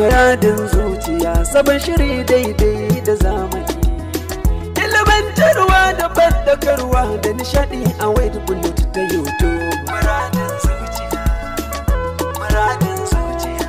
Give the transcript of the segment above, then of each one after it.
Muradin zuciya sabon shiri daidai da zamani. Ilimantarwa da bandakarwa da nishadi a wayar bullet ta YouTube. Muradin zuciya, muradin zuciya.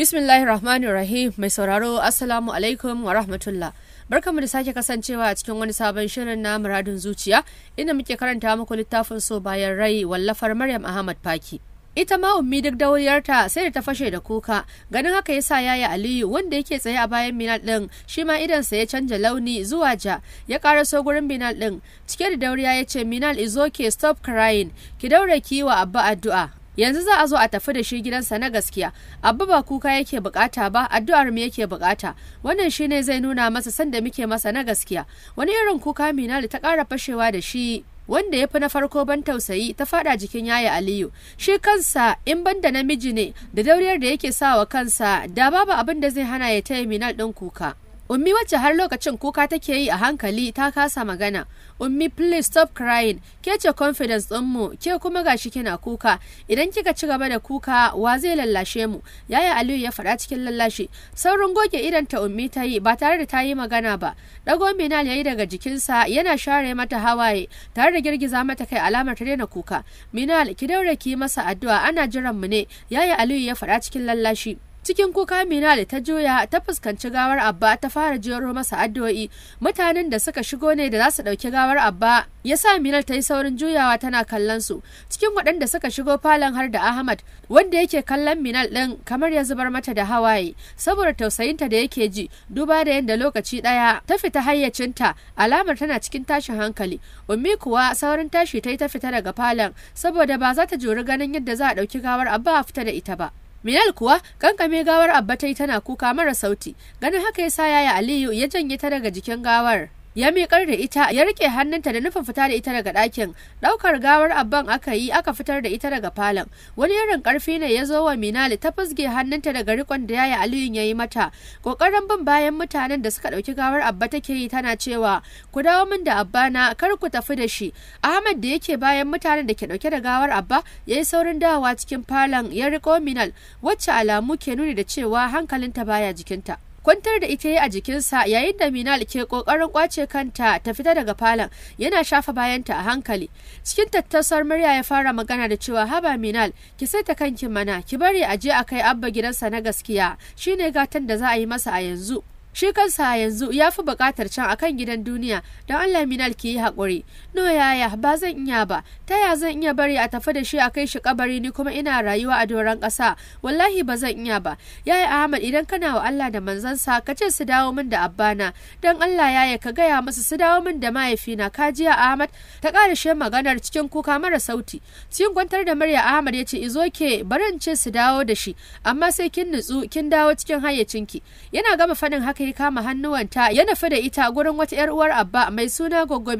Bismillahirrahmanirrahim mai sauraro Assalamu alaikum wa rahmatullah. barkamu da sake kasancewa a cikin wani sabon shirin na muradin zuciya inda muke karanta muku littafin so bayan rai wallafar maryam ahmad Paki. ita ma ummi duk dauriyarta sai da ta fashe da kuka ganin haka ya sa yaya aliyu wanda yake tsaye a bayan minal din shi ma idansa ya canja launi zuwa ja ya karaso gurin minal din cike da dauriya ya ce minal is okay stop crying ki daure ki wa abba addu'a yanzu za a zo a tafi da shi gidansa na gaskiya abba ba kuka yake bukata ba addu'ar mu yake bukata wannan shine zai nuna masa sanda muke masa na gaskiya wani irin kuka minal ta kara fashewa da shi wanda ya fi na farko ban tausayi ta fada jikin yaya aliyu shi kansa in ban da namiji ne da dauriyar da yake sawa kansa da babu abin da zai hana ya taya minal din kuka Ummi wacce har lokacin kuka take yi a hankali ta kasa magana. Ummi please stop crying. Ke ce confidence ɗinmu, ke kuma gashi kina kuka. Idan kika ci gaba da kuka, wa zai lallashe mu? Yaya Aliyu ya faɗa cikin lallashi. Saurin goge idan ta Ummi ta yi ba tare da ta yi magana ba. Dago Minal yayi daga jikinsa yana share mata hawaye tare da girgiza mata kai alamar ta daina kuka. Minal ki daure ki masa addu'a ana jiran mu ne. Yaya Aliyu ya faɗa cikin lallashi. cikin kuka mina da ta juya ta fuskanci gawar abba ta fara jero masa addu'o'i mutanen da suka shigo ne da za su ɗauki gawar abba ya sa minal ta yi saurin juyawa tana kallon su cikin waɗanda suka shigo falon har da ahmad wanda yake kallon minal ɗin kamar ya zubar mata da hawaye saboda tausayinta da yake ji duba da yadda lokaci ɗaya ta fita hayyacinta alamar tana cikin tashin hankali ummi kuwa saurin tashi ta yi ta fita daga falon saboda ba za ta juri ganin yadda za a ɗauki gawar abba a fita da ita ba. Minal kuwa kankame gawar abba ta tana kuka mara sauti ganin haka ya sa yaya Aliyu ya janye ta daga jikin gawar. ya miƙar da ita ya rike hannunta da nufin fita da ita daga ɗakin ɗaukar gawar abban aka yi aka fitar da ita daga falon wani irin ƙarfi ne ya zo wa minali ta fusge hannunta daga rikon da yaya aliyun ya yi mata ƙoƙarin bin bayan mutanen da suka ɗauki gawar abba take yi tana cewa ku dawo min da abba na kar ku tafi da shi ahmad da yake bayan mutanen da ke ɗauke da gawar abba ya yi saurin dawowa cikin falon ya riko minal wacce alamu ke nuni da cewa hankalinta baya jikinta kwantar da ita a jikinsa yayin da Minal ke kokarin kwace kanta ta fita daga falon yana shafa bayanta a hankali cikin tattasar murya ya fara magana da cewa haba Minal ki saita kanki mana ki bari a je a kai abba gidansa na gaskiya shine gatan da za a yi masa a yanzu shi kansa yanzu ya fi buƙatar can akan gidan duniya don Allah minal ki yi haƙuri no yaya ba zan iya ba ta ya zan iya bari a tafi da shi a kai shi kabari ni kuma ina rayuwa a doron ƙasa wallahi ba zan iya ba yaya Ahmad idan kana wa Allah da manzansa ka ce su dawo min da abbana don Allah yaya ka gaya masu su dawo min da mahaifina Ka jiya Ahmad ta ƙara shi maganar cikin kuka mara sauti cikin kwantar da murya Ahmad ya ce izo ke barin ce su dawo da shi amma sai kin nutsu kin dawo cikin hayyacinki yana gama faɗin haka ya kama hannuwanta ya nufi da ita gurin wata 'yar uwar abba mai suna Goggo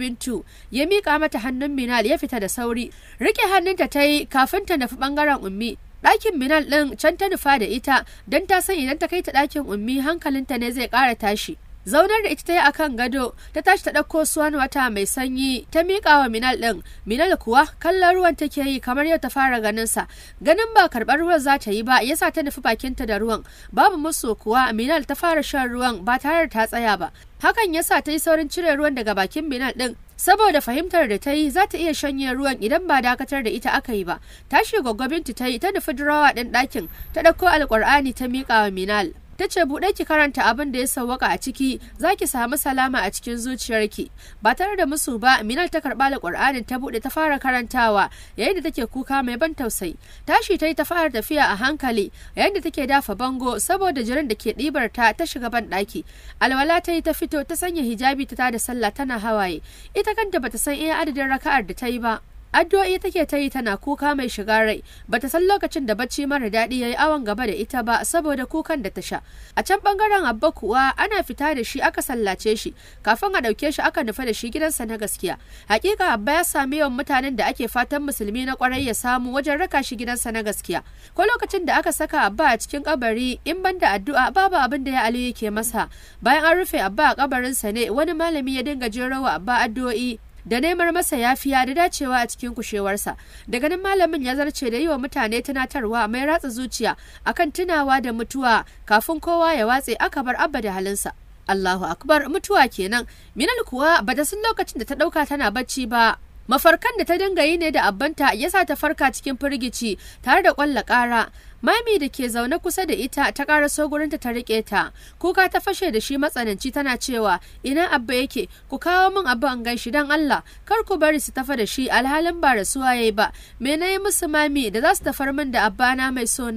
ya miƙa mata hannun Minal ya fita da sauri. Rike hannunta ta yi kafin ta nufi ɓangaren ummi. ɗakin Minal ɗin can ta nufa da ita don ta san idan ta kai ta ɗakin ummi hankalinta ne zai ƙara tashi. zaunar da ita ta yi a kan gado ta tashi ta ɗauko suwan wata mai sanyi ta miƙa wa minal ɗin minal kuwa kallon ruwan take yi kamar yau ta fara ganin sa ganin ba karɓar ruwan za ta yi ba yasa ta nufi bakin ta da ruwan babu musu kuwa minal ta fara shan ruwan ba tare da ta tsaya ba hakan yasa ta yi saurin cire ruwan daga bakin minal ɗin saboda fahimtar da ta yi za ta iya shanye ruwan idan ba dakatar da ita aka yi ba tashi gwaggwabinta ta yi ta nufi durawa ɗin ɗakin ta ɗauko alƙur'ani ta miƙa wa minal ta ce buɗe ki karanta abin da ya sawwaka a ciki za ki samu salama a cikin zuciyarki ba tare da musu ba minal ta karɓa da alƙur'anin ta buɗe ta fara karantawa yayin da take kuka mai ban tausayi tashi ta yi ta fara tafiya a hankali yayin da take dafa bango saboda jirin da ke ɗibar ta ta shiga ban ɗaki alwala ta yi ta fito ta sanya hijabi ta da sallah tana hawaye ita kanta bata san iya adadin raka'ar da ta yi ba addu'o'i take ta yi tana kuka mai shiga rai ba ta san lokacin da bacci mara daɗi ya yi awon gaba da ita ba saboda kukan da ta sha a can bangaren abba kuwa ana fita da shi aka sallace shi kafin a ɗauke shi aka nufa da shi gidansa na gaskiya hakika abba ya sami yawan mutanen da ake fatan musulmi na kwarai ya samu wajen raka shi gidansa na gaskiya ko lokacin da aka saka abba a cikin kabari in ban da addu'a babu abin da ya ali yake masa bayan an rufe abba a kabarinsa ne wani malami ya dinga jerawa abba addu'o'i da neman masa yafiya da dacewa a cikin kushewarsa da ganin malamin ya zarce da yi wa mutane tunatarwa mai ratsa zuciya akan tunawa da mutuwa kafin kowa ya watse aka bar abba da halinsa Allahu akbar mutuwa kenan minal kuwa bata san lokacin da ta dauka tana bacci ba mafarkan da ta dinga yi ne da abbanta ya sa ta farka cikin firgici tare da kwalla kara Mami da ke zaune kusa da ita ta ƙara sogurinta ta riƙe ta. Kuka ta fashe da shi matsananci tana cewa ina abba yake ku kawo min abba an gaishi don Allah kar ku bari su tafa da shi alhalin ba rasuwa yayi ba. Me na yi musu mami da za su tafar min da abba na mai so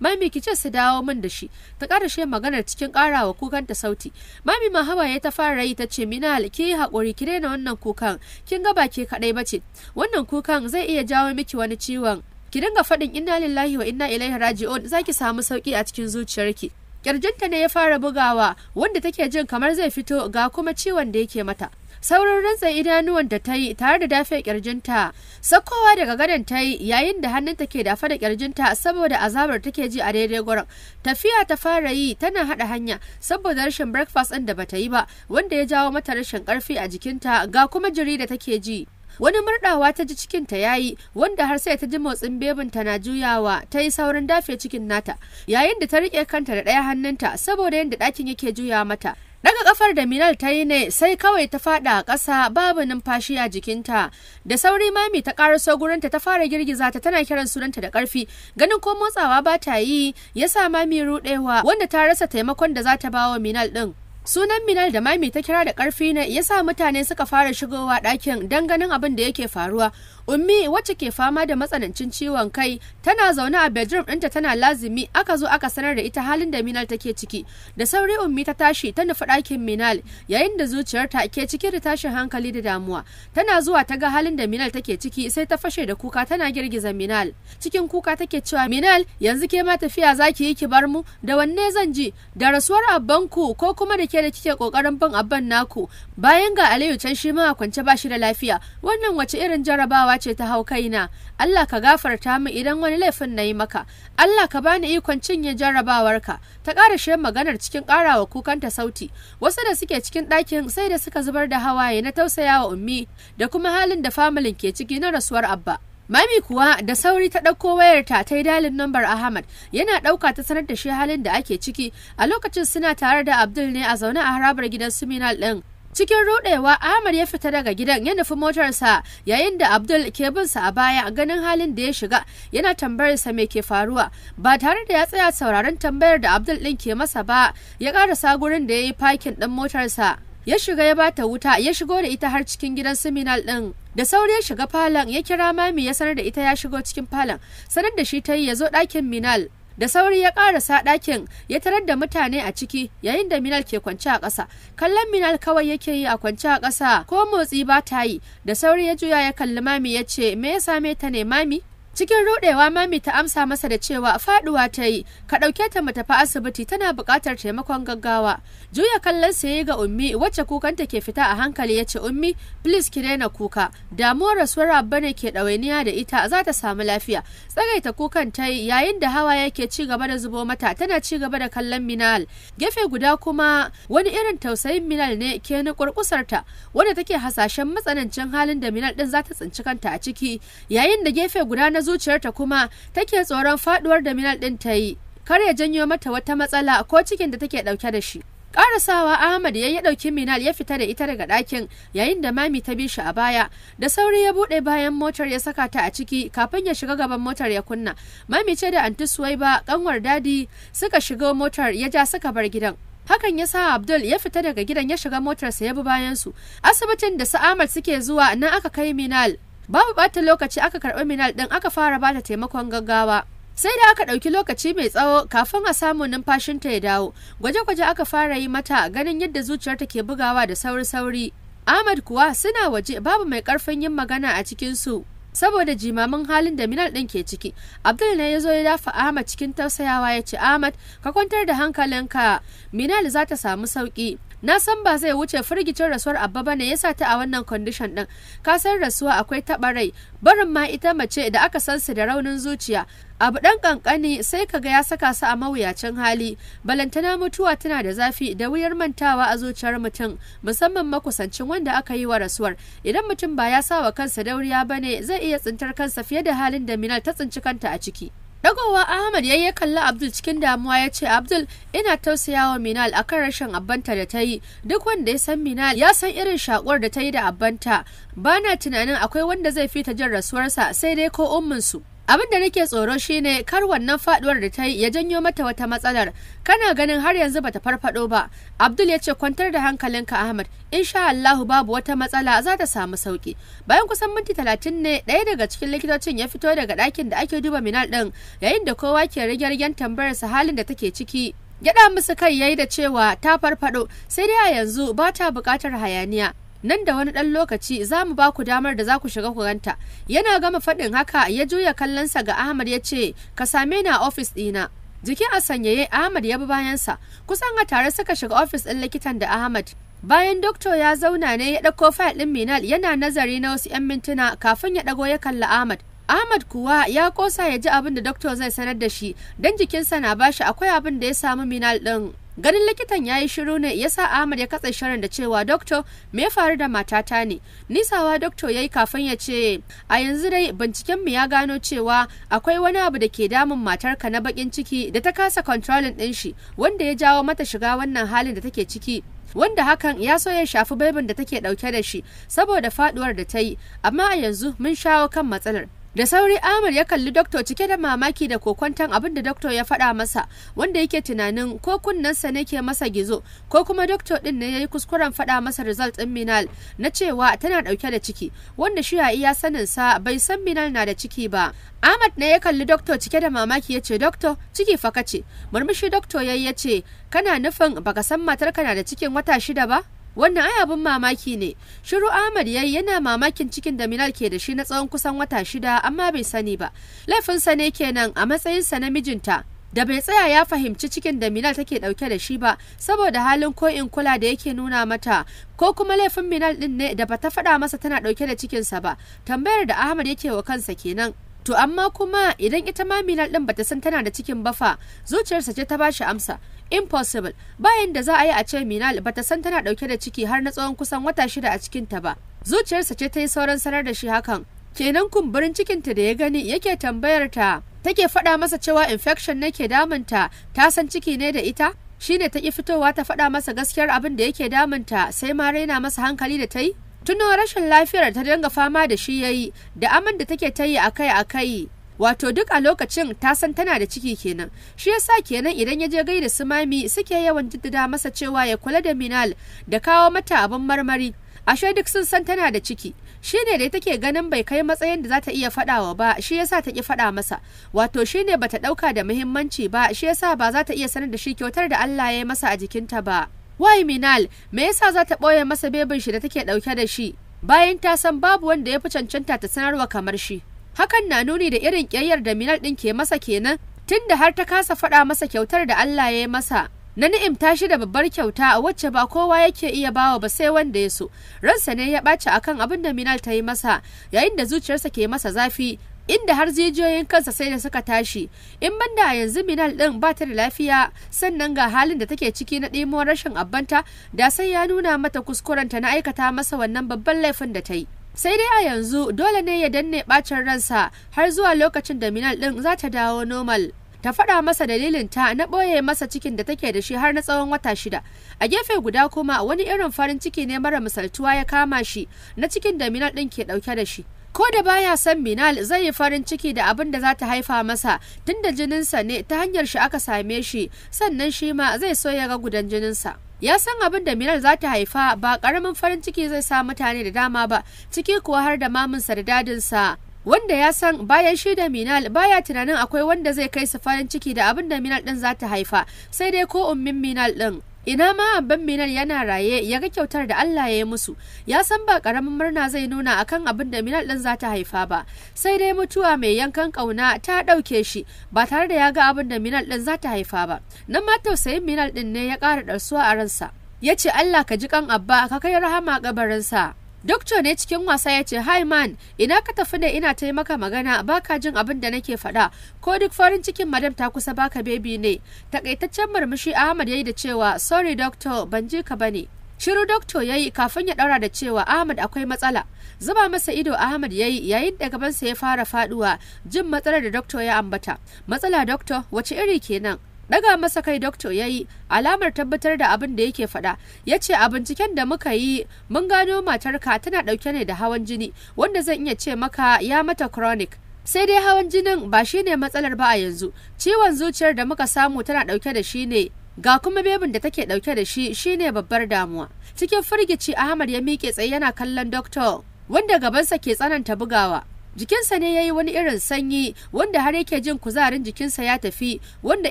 Mami ki ce su dawo min da shi. Ta shi maganar cikin ƙarawa kukanta sauti. Mami ma ya ta fara yi ta ce mina ki yi haƙuri ki daina wannan kukan kin ga ba ke kaɗai ba ce. Wannan kukan zai iya jawo miki wani ciwon ki dinga faɗin inna lillahi wa inna ilaihi raji'un zaki samu sauki a cikin zuciyarki kirjinta ne ya fara bugawa wanda take jin kamar zai fito ga kuma ciwon da yake mata saurin rantsar idanuwan da ta yi tare da dafe kirjinta sakkowa daga gadon ta yi yayin da hannunta ke dafa da kirjinta saboda azabar take ji a daidai gurin tafiya ta fara yi tana hada hanya saboda rashin breakfast ɗin da bata yi ba wanda ya jawo mata rashin karfi a jikinta ga kuma jiri da take ji wani murdawa ta ji cikin ta yayi wanda har sai ta ji motsin bebin ta na juyawa ta yi saurin dafe cikin nata yayin da ta rike kanta da ɗaya hannunta saboda yadda ɗakin yake juya mata daga kafar da Minal ta yi ne sai kawai ta fada a ƙasa babu numfashi a jikinta da sauri mami ta ƙaraso gurinta ta fara girgiza ta tana kiran sunanta da ƙarfi ganin ko motsawa ba ta yi ya sa mami ruɗewa wanda ta rasa taimakon da za ta bawa Minal ɗin Sunan Minal da Mami ta kira da ƙarfi ne ya sa mutane suka fara shigowa ɗakin don ganin abin da yake faruwa. Ummi wacce ke fama da matsanancin ciwon kai tana zaune a bedroom ɗinta tana lazimi aka zo aka sanar da ita halin da Minal take ciki. Da sauri Ummi ta tashi ta nufi ɗakin Minal yayin da zuciyarta ke cikin da tashin hankali da damuwa. Tana zuwa ta ga halin da Minal take ciki sai ta fashe da kuka tana girgiza Minal. Cikin kuka take cewa Minal yanzu ke ma tafiya zaki yi ki bar mu da wanne zan ji da rasuwar abbanku ko kuma da ke ke da kike kokarin bin abban naku bayan ga Aliyu can shi ma kwance ba shi da lafiya wannan wace irin jarabawa ce ta hau kaina Allah ka gafarta mu idan wani laifin na yi maka Allah ka bani ikon cinye jarabawarka ta ƙara shi maganar cikin ƙarawa kukanta sauti wasu da suke cikin ɗakin sai da suka zubar da hawaye na tausayawa ummi da kuma halin da familin ke ciki na rasuwar abba Mami kuwa da sauri ta ɗauko wayarta ta yi dalin nambar Ahmad yana ɗauka ta sanar da shi halin da ake ciki a lokacin suna tare da Abdul ne a zaune a harabar gidan Suminal ɗin. Cikin rudewa Ahmad ya fita daga gidan ya nufi motarsa yayin da Abdul ke bin sa a baya ganin halin da ya shiga yana tambayar sa me ke faruwa ba tare da ya tsaya sauraron tambayar da Abdul ɗin ke masa ba ya sa gurin da ya yi fakin ɗin motarsa ya shiga ya bata wuta ya shigo da ita har cikin gidan Suminal ɗin. da sauri ya shiga falon ya kira mami ya sanar da ita ya shigo cikin falon sanar da shi ta yi ya zo ɗakin minal da sauri ya sa ɗakin ya tarar da mutane a ciki yayin da minal ke kwance a ƙasa kallon minal kawai yake yi a kwance a ƙasa ko motsi ba ta yi da sauri ya juya ya kalli mami ya ce me ya same ta ne mami cikin rudewa mami ta amsa masa da cewa faduwa ta yi ka ɗauke ta mu tafi asibiti tana bukatar taimakon gaggawa juya kallon saye ga ummi wacce kukanta ke fita a hankali yace ummi please ki daina kuka damuwar rasuwar abba ne ke ɗawainiya da ita za ta samu lafiya tsagaita kukan ta yi yayin da hawa yake ci gaba da zubo mata tana ci gaba da kallon minal gefe guda kuma wani irin tausayin minal ne ke ni kurkusarta wanda take hasashen matsanancin halin da minal din za ta tsinci kanta a ciki yayin da gefe guda na zuciyarta kuma take tsoron faduwar da Minal ɗin ta yi, kar ya janyo mata wata matsala ko cikin da take ɗauke da shi. Karasawa Ahmad ya yi ɗauki Minal ya fita da ita daga ɗakin yayin da mami ta bi shi a baya. Da sauri ya buɗe bayan motar ya saka ta a ciki kafin ya shiga gaban motar ya kunna. Mami ce da anti Suwaiba kanwar dadi suka shiga motar ya ja suka bar gidan. Hakan ya sa Abdul ya fita daga gidan ya shiga motarsa ya bi bayansu. Asibitin da su Ahmad suke zuwa nan aka kai Minal babu bata lokaci aka karɓi minal ɗin aka fara bata taimakon gaggawa sai da aka ɗauki lokaci mai tsawo kafin a samu numfashinta ya dawo gwaje-gwaje aka fara yi mata ganin yadda zuciyarta ke bugawa da sauri-sauri ahmad kuwa suna waje babu mai ƙarfin yin magana a cikinsu saboda jimamin halin da minal ɗin ke ciki abdul ne ya zo ya dafa ahmad cikin tausayawa ya ce ahmad ka kwantar da hankalinka minal za ta samu sauƙi na san ba zai wuce firgicin rasuwar abba bane ya sa ta a wannan kwandishan din ka san rasuwa akwai taɓa rai barin ma ita mace da aka san su da raunin zuciya abu ɗan ƙanƙani sai kaga ya saka su a mawuyacin hali balantana mutuwa tana da zafi da wuyar mantawa a zuciyar mutum musamman makusancin wanda aka yi wa rasuwar idan mutum ba ya sa wa kansa dauriya bane zai iya tsintar kansa fiye da halin da minal ta tsinci kanta a ciki Dagowa Ahmad ya kalli Abdul cikin damuwa ya ce Abdul ina tausayawa Minal akan rashin abbanta da ta yi duk wanda ya san Minal ya san irin shakuwar da ta yi da abbanta bana tunanin akwai wanda zai fita jin rasuwarsa sai dai ko umminsu. abin da nake tsoro shine kar wannan faduwar da ta yi ya janyo mata wata matsalar kana ganin har yanzu bata farfado ba abdul ya ce kwantar da hankalinka ahmad insha allahu babu wata matsala za ta samu sauki bayan kusan minti talatin ne ɗaya daga cikin likitocin ya fito daga ɗakin da ake duba minal ɗin yayin da kowa ke rage-ragen tambayarsa halin da take ciki gyaɗa musu kai yayi da cewa ta farfado sai dai a yanzu ba ta buƙatar hayaniya nan da wani ɗan lokaci za mu ba ku damar da za ku shiga ku ganta yana gama faɗin haka ya juya kallonsa ga ahmad ya ce ka same ni a ofis ɗina jikin a sanyaye ahmad ya bi bayansa kusan a tare suka shiga ofis ɗin likitan da ahmad bayan doktor ya zauna ne ya ɗauko fayil ɗin minal yana nazari na wasu 'yan mintuna kafin ya ɗago ya kalli ahmad Ahmad kuwa ya kosa ya ji abin da doktor zai sanar da shi don jikinsa na bashi akwai abin da ya samu minal ɗin ganin likitan ya yi shiru ne ya sa ahmad ya katse shirin da cewa doktor me ya faru da matata ne nisawa doktor ya yi kafin ya ce a yanzu dai binciken mu ya gano cewa akwai wani abu da ke damun matarka na bakin ciki da ta kasa controlling din shi wanda ya jawo mata shiga wannan halin da take ciki wanda hakan ya so ya shafi babin da take dauke da shi saboda faduwar da ta yi amma a yanzu mun shawo kan matsalar da sauri amir ya kalli doktor cike da mamaki da kokwantan abin da doktor ya faɗa masa wanda yake tunanin ko kunnensa ne ke masa gizo ko kuma doktor din ne ya yi kuskuren faɗa masa result ɗin minal na cewa tana ɗauke da ciki wanda shi ya iya saninsa bai san minal na da ciki ba Ahmad ne ya kalli doktor cike da mamaki ya ce doktor ciki faka ce murmushi doktor yayi ya ce kana nufin baka san matarka na da cikin wata shida ba wannan ai abin mamaki ne shiru ahmad yayi yana mamakin cikin da milal ke da shi na tsawon kusan wata shida amma bai sani ba laifinsa ne kenan a matsayinsa na mijinta da bai tsaya ya fahimci cikin da Minal take ɗauke da shi ba saboda halin ko in kula da yake nuna mata ko kuma laifin Minal ɗin ne da bata faɗa masa tana ɗauke da cikinsa ba tambayar da Ahmad yake wa kansa kenan to amma kuma idan ita ma Minal ɗin bata san tana da cikin bafa, zuciyarsa ce ta bashi amsa impossible bayan da za a yi a ce minal ta san tana dauke da ciki har na tsawon kusan wata shida a cikin ta ba zuciyarsa ce ta yi sauran sanar da shi hakan kenan kumburin cikinta da ya gani yake tambayar ta take faɗa masa cewa infection nake damunta ta san ciki ne da ita shine ta ki fitowa ta faɗa masa gaskiyar abin da yake damunta sai ma raina masa hankali da ta yi tuno rashin lafiyar ta dinga fama da shi yayi da aman da take ta yi akai-akai wato duk a lokacin ta san tana da ciki kenan shi yasa kenan idan ya je gaida su mami suke yawan jiddada masa cewa ya kula da minal da kawo mata abin marmari ashe duk sun san tana da ciki shi ne da take ganin bai kai matsayin da za ta iya faɗawa ba shi yasa ta ki faɗa masa wato shi ne bata ɗauka da muhimmanci ba shi yasa ba za ta iya sanar da shi kyautar da Allah ya yi masa a jikinta ba wai minal me yasa za ta ɓoye masa bebin shi da take ɗauke da shi bayan ta san babu wanda ya fi cancanta ta sanarwa kamar shi hakan na nuni da irin ƙyayyar da minal ɗin ke masa kenan tunda har ta kasa faɗa masa kyautar da Allah ya yi masa na ni'im ta shi da babbar kyauta a wacce ba kowa yake iya bawa ba sai wanda ya so ransa ne ya ɓaci akan abin da minal ta yi masa yayin da zuciyarsa ke masa zafi inda har jijiyoyin kansa sai da suka tashi in banda yanzu minal ɗin ba ta da lafiya sannan ga halin da take ciki na ɗimuwar rashin abbanta da sai ya nuna mata kuskurenta na aikata masa wannan babban laifin da ta yi sai dai a yanzu dole ne ya danne bacin ransa har zuwa lokacin da minal ɗin za ta dawo normal ta faɗa masa dalilin ta na ɓoye masa cikin da take da shi har na tsawon wata shida a gefe guda kuma wani irin farin ciki ne mara misaltuwa ya kama shi na cikin da minal ɗin ke ɗauke da shi ko da baya san Minal zai yi farin ciki da abin da za ta haifa masa tunda jininsa ne ta hanyar shi aka same shi sannan shi ma zai so ya ga gudan jininsa. Ya san abin da Minal za ta haifa ba ƙaramin farin ciki zai sa mutane da dama ba ciki kuwa har da maminsa da dadinsa. Wanda ya san bayan shi da Minal baya tunanin akwai wanda zai kai su farin ciki da abin da Minal ɗin za ta haifa sai dai ko ummin Minal ɗin. ina ma abban minal yana raye ya ga kyautar da Allah ya yi musu ya san ba karamin murna zai nuna akan abin da minal din za ta haifa ba sai dai mutuwa mai yankan kauna ta ɗauke shi ba tare da ya ga abin da minal din za ta haifa ba nan ma tausayin minal din ne ya ƙara ɗarsuwa a ransa ya ce Allah ka ji kan abba ka kai rahama sa Doktor ne cikin wasa ya ce, "Hi man, ina ka tafi ne ina taimaka magana ba magana baka jin abin da nake faɗa, ko duk farin cikin madam ta kusa baka bebi ne." Takaitaccen murmushi Ahmad ya yi da cewa, "Sorry doctor, ban ji ka bane." Shiru doktor ya yi kafin ya ɗaura da cewa Ahmad akwai matsala. Zuba masa ido Ahmad ya yi yayin da gabansa ya fara faduwa jin matsalar da doktor ya ambata. Matsala doktor wace iri kenan? daga masa kai doctor ya yi alamar tabbatar da abin da yake faɗa ya ce a binciken da muka yi mun gano matarka tana ɗauke ne da hawan jini wanda zan iya ce maka ya mata chronic sai dai hawan jinin ba shi ne matsalar ba a yanzu ciwon zuciyar da muka samu tana ɗauke da shi ne ga kuma bebin da take ɗauke da shi shi ne babbar damuwa cikin firgici ahmad ya miƙe tsaye yana kallon doctor wanda gabansa ke tsananta bugawa jikinsa ne ya yi wani irin sanyi wanda har yake jin kuzarin jikinsa ya tafi wanda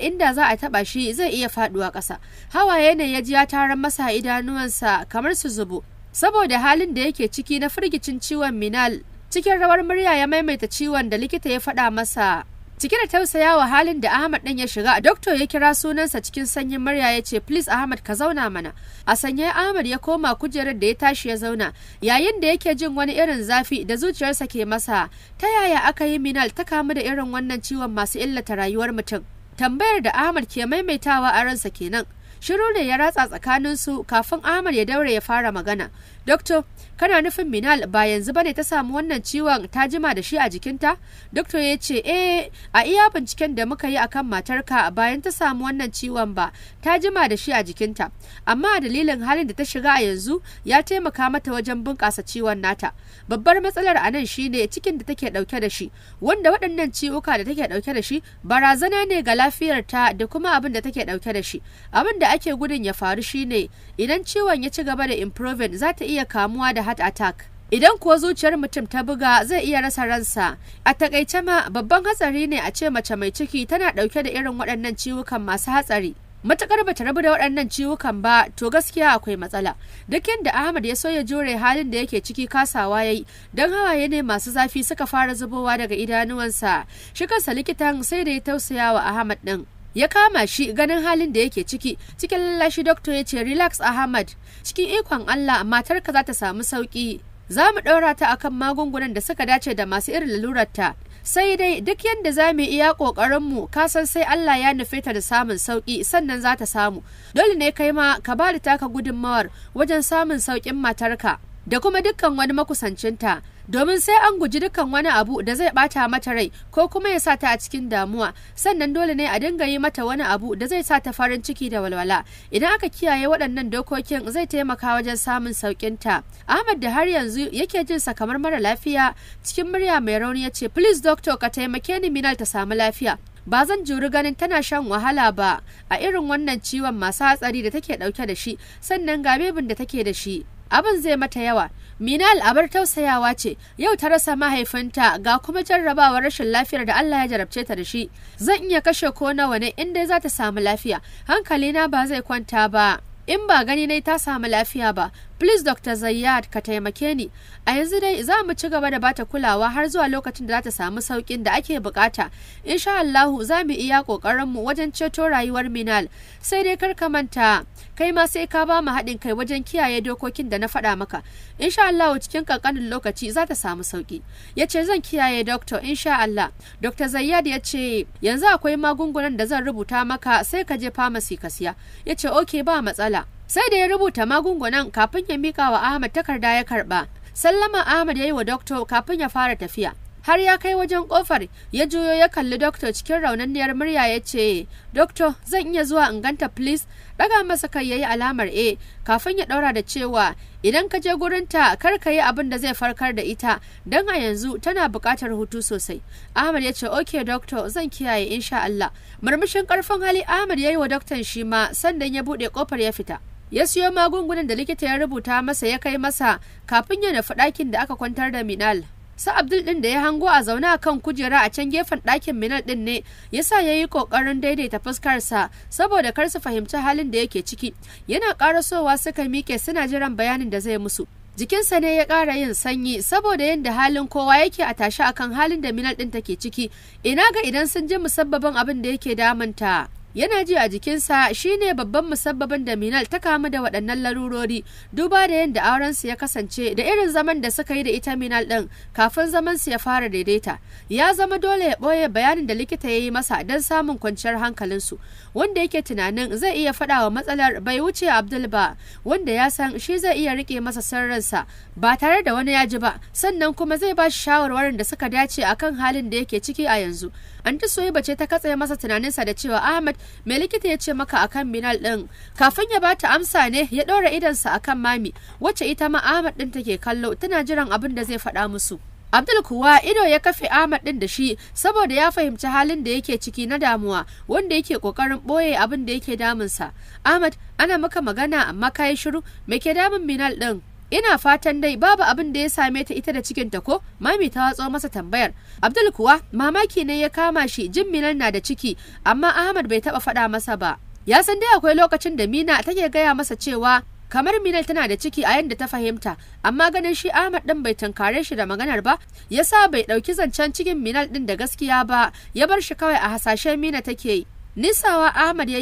inda za a taba shi zai iya faduwa ƙasa hawaye ne ya ji ya taron masa idanuwansa kamar su zubo saboda halin da yake ciki na firgicin ciwon minal cikin rawar murya ya maimaita ciwon da likita ya faɗa masa Cike da tausaya wa halin da Ahmad ɗin ya shiga, doktor ya kira sunansa cikin sanyin murya ya ce, Please Ahmad ka zauna mana. A sanye Ahmad ya koma kujerar da ya tashi ya zauna, yayin da yake jin wani irin zafi da zuciyarsa ke masa. Ta yaya aka yi Minal ta kamu da irin wannan ciwon masu illata rayuwar mutum? Tambayar da Ahmad ke maimaitawa a ransa kenan. Shiru ne ya ratsa tsakaninsu kafin Ahmad ya daure ya fara magana. Doktor, kana nufin Minal ba yanzu bane ta samu wannan ciwon ta jima da shi a jikinta? Doktor ya ce, eh, a iya binciken da muka yi akan matarka bayan ta samu wannan ciwon ba, ta jima da shi a jikinta. Amma a dalilin halin da ta shiga a yanzu ya taimaka mata wajen bunƙasa ciwon nata. Babbar matsalar a nan ne cikin da take ɗauke da shi, wanda waɗannan ciwuka da take ɗauke da shi barazana ne ga lafiyarta da kuma abin da take ɗauke da shi. Abin da ake gudun ya faru shine idan ciwon ya ci gaba da improving za ta iya iya kamuwa da heart attack idan kuwa zuciyar mutum ta buga zai iya rasa ransa a takaice ma babban hatsari ne a ce mace mai ciki tana dauke da irin waɗannan ciwukan masu hatsari matukar bata rabu da waɗannan ciwukan ba to gaskiya akwai matsala duk yadda ahmad ya so ya jure halin da yake ciki kasawa yayi don hawaye ne masu zafi suka fara zubowa daga idanuwansa shi kansa likitan sai da ya tausaya wa ahmad ɗin. ya kama shi ganin halin da yake ciki cikin lallashi doctor ya ce relax ahmad cikin ikon allah matarka za ta samu sauki za mu ɗaura ta akan magungunan da suka dace da masu irin lalurarta sai dai duk yadda za mu iya ƙoƙarinmu ka san sai Allah ya nufe ta da samun sauki sannan za ta samu dole ne kai ma ka ba da taka gudunmawar wajen samun sauƙin matarka da kuma dukkan wani makusancinta domin sai an guji dukkan wani abu da zai bata mata rai ko kuma ya sa ta a cikin damuwa sannan dole ne a dinga yi mata wani abu da zai sa ta farin ciki da walwala idan aka kiyaye waɗannan dokokin zai taimaka wajen samun saukin ta Ahmad da har yanzu yake jin sa kamar mara lafiya cikin murya mai rauni ya ce please doctor ka taimake ni Minal ta samu lafiya ba zan juri ganin tana shan wahala ba a irin wannan ciwon masu hatsari da take dauke da shi sannan ga bebin da take da shi abin zai mata yawa Minal abar tausayawa ce, yau ta rasa mahaifinta ga kuma jarrabawar rashin lafiyar da Allah ya jarabce ta da shi. Zan iya kashe ko nawa ne in dai za ta samu lafiya, hankalina ba zai kwanta ba. In ba gani nai ta samu lafiya ba, please dr zayyad ka taimake ni a yanzu dai za mu ci gaba da bata kulawa har zuwa lokacin da za ta samu saukin da ake bukata insha allahu za mu iya kokarin mu wajen ceto rayuwar minal sai dai kar ka manta kai ma sai ka ba mu haɗin kai wajen kiyaye dokokin da na faɗa maka insha allahu cikin kankanin lokaci za ta samu sauki ya ce zan kiyaye doctor insha allah dr zayyad ya ce yanzu akwai magungunan da zan rubuta maka sai ka je pharmacy ka siya ya ce okay ba matsala sai da ya rubuta magungunan kafin ya mika wa ahmad takarda ya karba sallama ahmad ya yi wa doktor kafin ya fara tafiya har ya kai wajen kofar ya juyo ya kalli doktor cikin raunanniyar murya ya ce doktor zan iya zuwa in ganta please daga masa kai yayi alamar a eh, kafin ya daura da cewa idan ka je gurinta kar ka yi abin da zai farkar da ita don a yanzu tana buƙatar hutu sosai ahmad ya ce ok doctor zan kiyaye insha allah murmushin karfin hali ahmad ya yi wa doktan shi ma sannan ya buɗe kofar ya fita ya siyo magungunan da likita ya rubuta masa ya kai masa kafin ya nufi ɗakin da aka kwantar da minal sa abdul din da ya hango a zaune a kan kujera a can gefen ɗakin minal din ne ya sa ya yi ƙoƙarin daidaita fuskarsa saboda kar su fahimci halin da yake ciki yana ƙarasowa suka miƙe suna jiran bayanin da zai musu jikinsa ne ya ƙara yin sanyi saboda yadda halin kowa yake a tashi akan halin da minal ɗin take ciki ina ga idan sun ji musabbabin abin da yake damunta yana ji a jikinsa ne babban musabbabin da Minal ta kamu da waɗannan larurori duba da yadda su ya kasance da irin zaman da suka yi da ita Minal ɗin kafin zaman su ya fara daidaita ya zama dole ya ɓoye bayanin da likita ya yi masa don samun kwanciyar hankalinsu wanda yake tunanin zai iya faɗa wa matsalar bai wuce Abdul ba wanda ya san shi zai iya riƙe masa sirrinsa ba tare da wani ya ji ba sannan kuma zai ba shi shawarwarin da suka dace akan halin da yake ciki a yanzu. Anti Suwaiba ce ta katse masa tunaninsa da cewa Ahmad me likita ya ce maka akan Minal din. Kafin ya bata amsa ne ya ɗora sa akan Mami wacce ita ma Ahmad din take kallo tana jiran abin da zai faɗa musu. Abdul kuwa ido ya kafe Ahmad din da shi saboda ya fahimci halin da yake ciki na damuwa wanda yake kokarin boye abin da yake damunsa. Ahmad ana maka magana amma kayi shiru me ke damun Minal din? ina fatan dai babu abin da ya same ta ita da cikinta ko mami ta watso masa tambayar abdul kuwa mamaki ne ya kama shi jin minan na da ciki amma ahmad bai taba faɗa masa ba ya san dai akwai lokacin da mina take gaya masa cewa kamar minal tana da ciki a yadda ta fahimta amma ganin shi ahmad din bai tunkare shi da maganar ba yasa bai ɗauki zancen cikin minal din da gaskiya ba ya bar shi kawai a hasashen mina take yi nisawa ahmad ya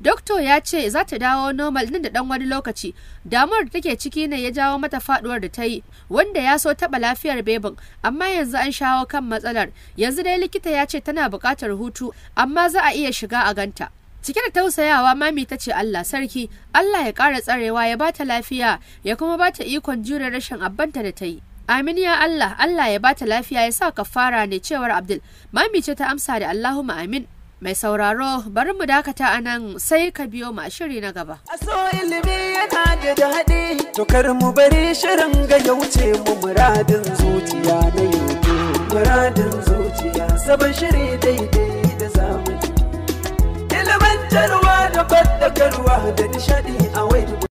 Dokto ya ce za ta dawo normal nan da dan wani lokaci. Damuwar da take ciki ne ya jawo mata faduwar da ta yi, wanda ya so taɓa lafiyar bebin, amma yanzu an shawo kan matsalar. Yanzu dai likita ya ce tana buƙatar hutu, amma za a iya shiga a ganta. Cike da tausayawa mami ta ce Allah sarki, Allah ya ƙara tsarewa ya bata lafiya, ya kuma bata ikon jure rashin abbanta da ta yi. Amin ya Allah, Allah ya bata lafiya ya sa kafara ne cewar Abdul. Mami ce ta amsa da Allahumma amin. Mai sauraro bari mu dakata a nan sai ka biyo ma shiri na gaba. A so ilimi yana da daɗi, tukar mu bari shirin ga ya wuce mu muradin zuciya na yanzu. Muradin zuciya sabon shiri daidai da zamani. Ilimantarwa da fadakarwa da nishaɗi a wai